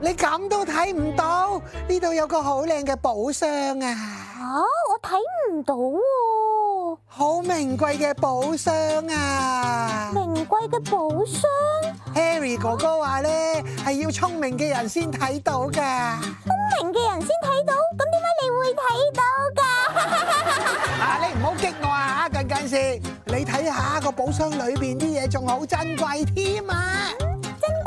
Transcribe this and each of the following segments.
你咁都睇唔到？呢度有個好靚嘅寶箱啊！啊，我睇唔到喎！啊！好名貴嘅寶箱啊！名貴嘅寶箱？Harry 哥哥話咧，係、啊、要聰明嘅人先睇到噶。聰明嘅人先睇到，咁點解你會睇到噶？ 啊，你唔好激我啊！近近先，你睇下個寶箱裏邊啲嘢，仲好珍貴添啊！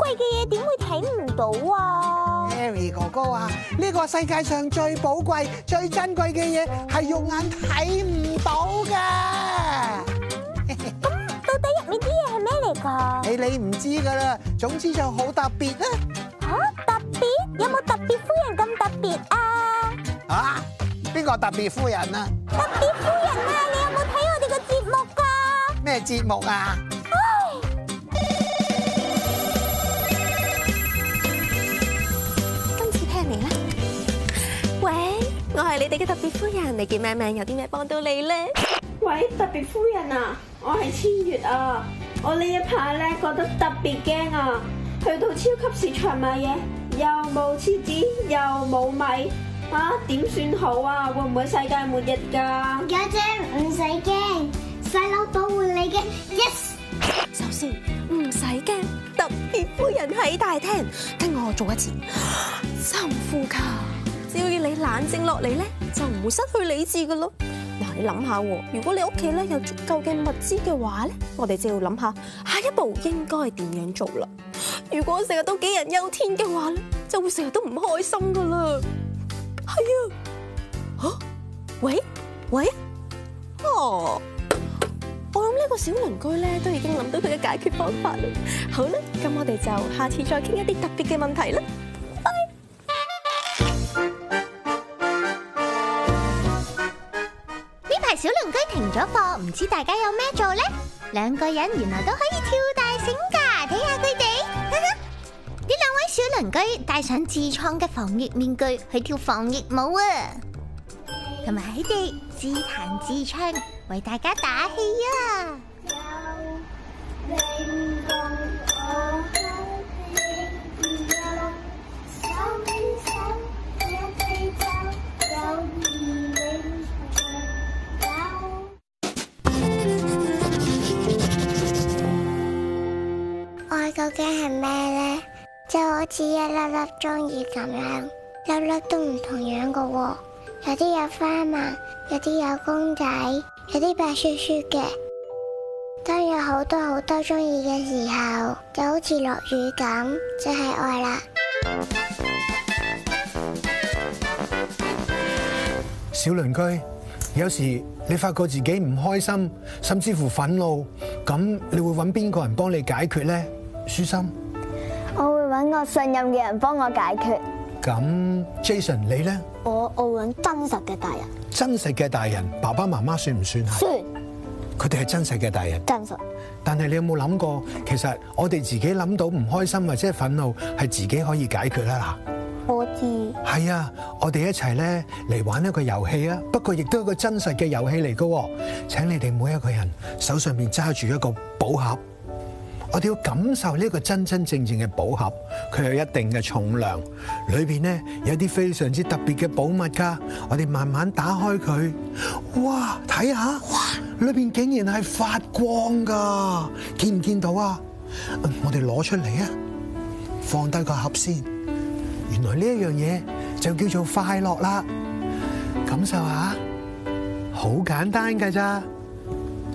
貴嘅嘢，點會睇唔到啊？Harry 哥哥啊，呢、呢個世界上最寶貴、最珍貴嘅嘢係肉眼睇唔到噶。咁 到底入面啲嘢係咩嚟噶？誒，你唔知噶啦，總之就好特別 啊！吓，特別？有冇特別夫人咁特別啊？啊，邊個特別夫人啊？特別夫人啊？你有冇睇我哋嘅節目噶？咩節目啊？嚟啦！喂，我係你哋嘅特別夫人，你叫咩名？明明有啲咩幫到你咧？喂，特別夫人啊，我係千月啊，我呢一排咧覺得特別驚啊，去到超級市場買嘢，又冇廁紙又冇米啊，點算好啊？會唔會世界末日噶？家姐唔使驚。喺大廳，跟我做一次深呼吸，只要你冷靜落嚟咧，就唔會失去理智噶咯。嗱，你諗下，如果你屋企咧有足夠嘅物資嘅話咧，我哋就要諗下下一步應該係點樣做啦。如果成日都杞人憂天嘅話咧，就會成日都唔開心噶啦。係啊，吓，喂，喂，哦。個小鄰居咧都已經諗到佢嘅解決方法啦。好啦，咁我哋就下次再傾一啲特別嘅問題啦。拜拜！呢排小鄰居停咗課，唔知大家有咩做呢？兩個人原來都可以跳大繩噶，睇下佢哋。呢兩位小鄰居戴上自創嘅防疫面具去跳防疫舞啊，同埋喺哋。自彈自唱，為大家打氣啊！愛究竟係咩呢？就好似一粒粒鍾意咁樣，粒粒都唔同樣㗎喎。有啲有花紋，有啲有公仔，有啲白雪雪嘅，當有好多好多中意嘅時候，就好似落雨咁，就係愛啦。小鄰居，有時你發覺自己唔開心，甚至乎憤怒，咁你會揾邊個人幫你解決呢？舒心，我會揾個信任嘅人幫我解決。咁，Jason，你咧？我我揾真實嘅大人。真實嘅大人，爸爸媽媽算唔算啊？算。佢哋係真實嘅大人。真實。但係你有冇諗過，其實我哋自己諗到唔開心或者係憤怒，係自己可以解決啦嗱，我知。係啊，我哋一齊咧嚟玩一個遊戲啊！不過亦都係一個真實嘅遊戲嚟噶。請你哋每一個人手上面揸住一個寶盒。我哋要感受呢個真真正正嘅寶盒，佢有一定嘅重量，裏邊咧有啲非常之特別嘅寶物噶。我哋慢慢打開佢，哇！睇下，哇！裏邊竟然係發光噶，見唔見到啊？我哋攞出嚟啊，放低個盒先。原來呢一樣嘢就叫做快樂啦。感受下，好簡單噶咋，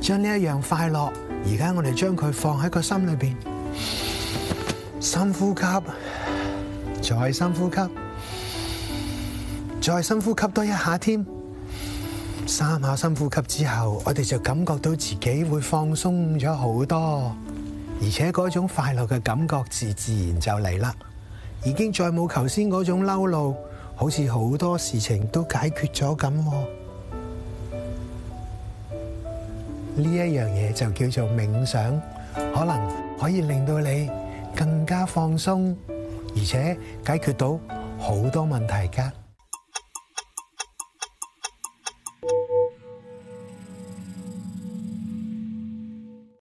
將呢一樣快樂。而家我哋將佢放喺個心裏邊，深呼吸，再深呼吸，再深呼吸多一下添。三下深呼吸之後，我哋就感覺到自己會放鬆咗好多，而且嗰種快樂嘅感覺自自然就嚟啦。已經再冇頭先嗰種嬲怒，好似好多事情都解決咗咁。呢一樣嘢就叫做冥想，可能可以令到你更加放鬆，而且解決到好多問題㗎。